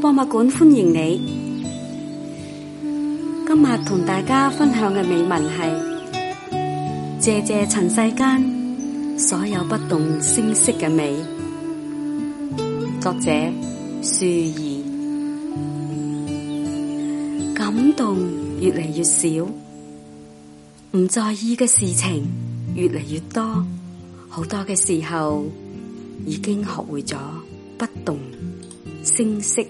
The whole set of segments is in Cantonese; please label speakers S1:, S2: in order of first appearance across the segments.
S1: 博物館歡迎你。今日同大家分享嘅美文係：謝謝塵世間所有不動聲色嘅美。作者：樹兒。嗯，感動越嚟越少，唔在意嘅事情越嚟越多。好多嘅時候已經學會咗不動聲色。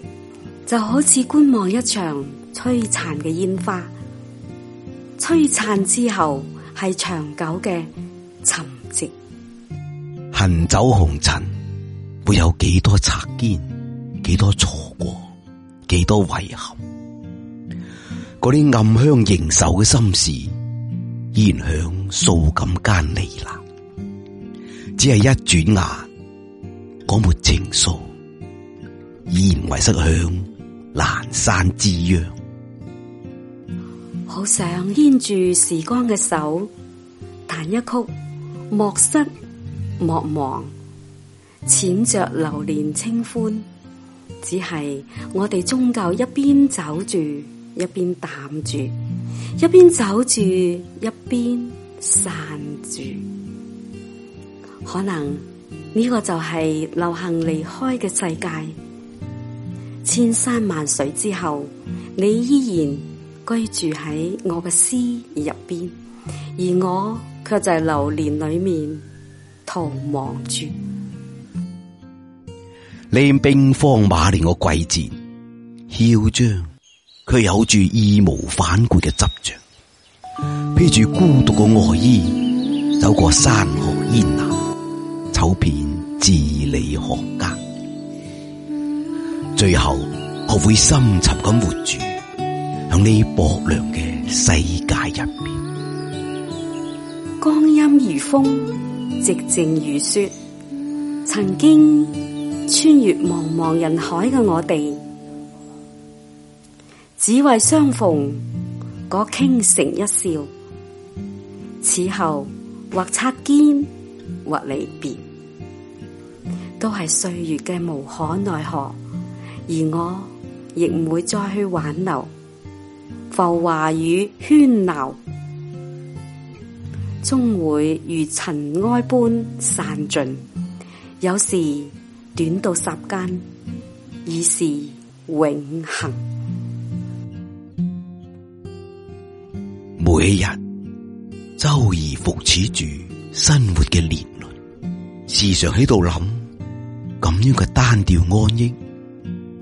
S1: 就好似觀望一場璀璨嘅煙花，璀璨之後係長久嘅沉寂。
S2: 行走紅塵，會有幾多擦肩，幾多錯過，幾多遺憾。嗰啲暗香盈袖嘅心事，依然響數錦間裏啦。只係一轉眼，嗰抹情愫，依然為失響。闌珊之約，
S1: 好想牽住時光嘅手，彈一曲，莫失莫忘，淺着流年清歡。只係我哋終究一邊走住，一邊淡住，一邊走住，一邊散住。可能呢個就係流行離開嘅世界。千山萬水之後，你依然居住喺我嘅詩入邊，而我卻在流連裏面逃亡住。
S2: 你兵荒馬亂嘅鬼戰，囂張，佢有住義無反顧嘅執着，披住孤獨嘅外衣，走過山河煙南，走遍千里河。最後學會深沉咁活住，喺呢薄涼嘅世界入面，
S1: 光陰如風，寂靜如雪。曾經穿越茫茫人海嘅我哋，只為相逢嗰傾城一笑。此後或擦肩，或離別，都係歲月嘅無可奈何。而我亦唔會再去挽留，浮華與喧鬧，終會如塵埃般散盡。有時短到霎間，已是永恒。
S2: 每日周而復始住生活嘅年輪，時常喺度諗咁樣嘅單調安逸。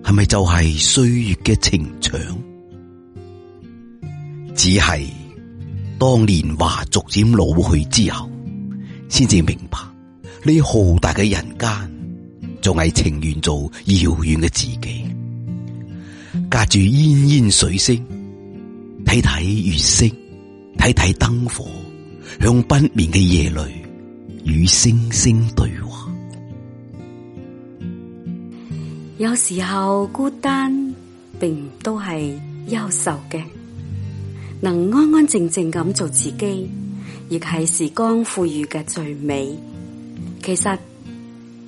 S2: 係咪就係歲月嘅情長？只係當年華逐漸老去之後，先至明白呢浩大嘅人間，仲係情願做遙遠嘅自己。隔住煙煙水聲，睇睇月色，睇睇燈火，向不眠嘅夜裏，與星星對話。
S1: 有時候孤單並都係憂愁嘅，能安安靜靜咁做自己，而係時光賦予嘅最美。其實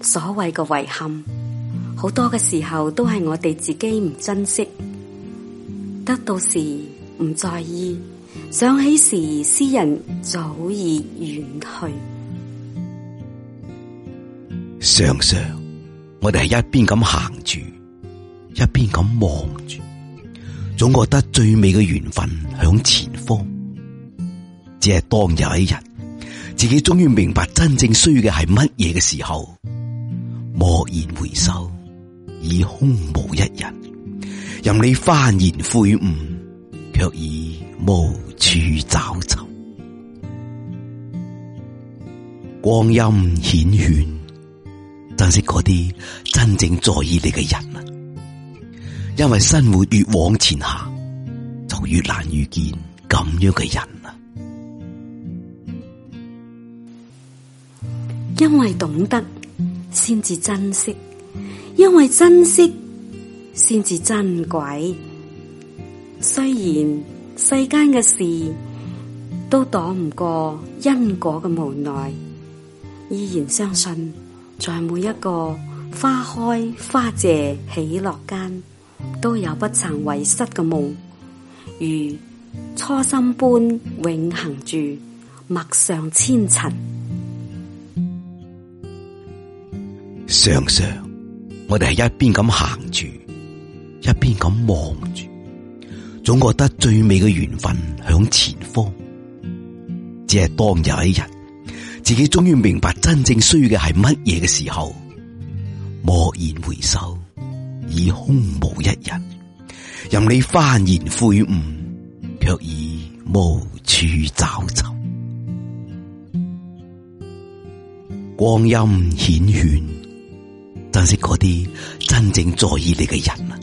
S1: 所謂嘅遺憾，好多嘅時候都係我哋自己唔珍惜，得到時唔在意，想起時，斯人早已遠去。
S2: 常常。我哋係一邊咁行住，一邊咁望住，總覺得最美嘅緣分響前方。只係當有一日，自己終於明白真正需要嘅係乜嘢嘅時候，驀然回首，已空無一人，任你翻然悔悟，卻已無處找尋。光陰繾綣。珍惜嗰啲真正在意你嘅人啊，因為生活越往前行，就越難遇見咁樣嘅人啊。
S1: 因為懂得，先至珍惜；因為珍惜，先至珍貴。雖然世間嘅事都躲唔過因果嘅無奈，依然相信。在每一個花開花謝、喜樂間，都有不曾遺失嘅夢，如初心般永恒住，陌上千塵。
S2: 常常，我哋係一邊咁行住，一邊咁望住，總覺得最美嘅緣分響前方，只係當有一日，自己終於明白真正需要嘅係乜嘢嘅時候，驀然回首已空無一人，任你幡然悔悟，卻已無處找尋。光陰繾綣，珍惜嗰啲真正在意你嘅人啊！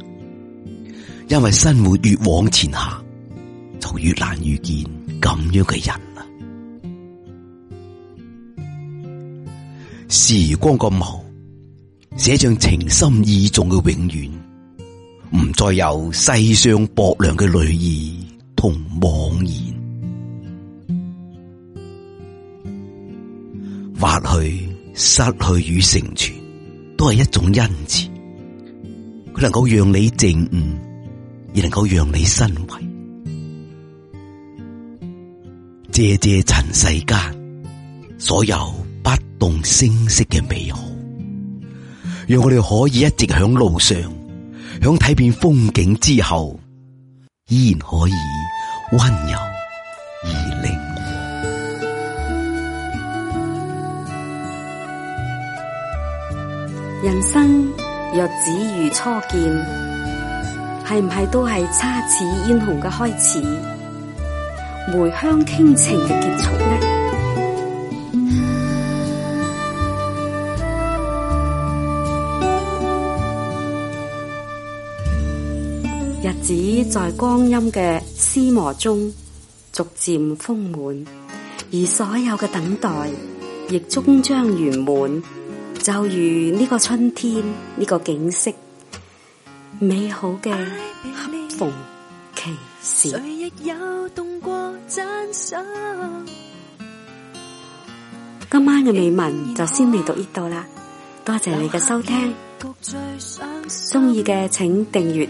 S2: 因為生活越往前下，就越難遇見咁樣嘅人。時光個眸，寫上情深意重嘅永遠，唔再有世上薄涼嘅淚意同謊言。或許失去與成全，都係一種恩賜，佢能夠讓你靜悟，亦能夠讓你身為。謝謝塵世間所有動聲色嘅美好，讓我哋可以一直響路上，響睇遍風景之後，依然可以温柔而靈活。
S1: 人生若只如初見，係唔係都係姹紫嫣紅嘅開始，梅香傾情嘅結束呢？日子在光陰嘅廝磨中逐漸豐滿，而所有嘅等待亦終將圓滿。就如呢個春天，呢個景色美好嘅恰逢其時。亦有動過真心。今晚嘅美文就先嚟到呢度啦，多謝你嘅收聽，中意嘅請訂閱。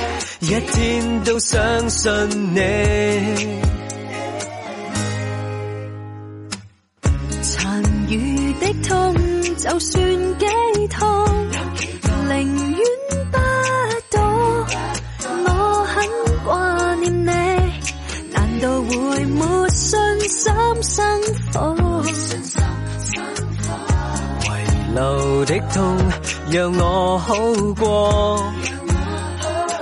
S2: 一天都相信你，
S1: 殘餘的痛就算幾痛，寧願不躲。我很掛念你，難道會冇信心生活？
S2: 遺留的痛讓我好過。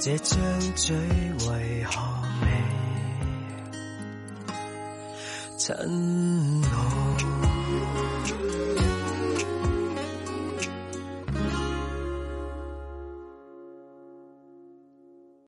S2: 這張嘴為何未親我？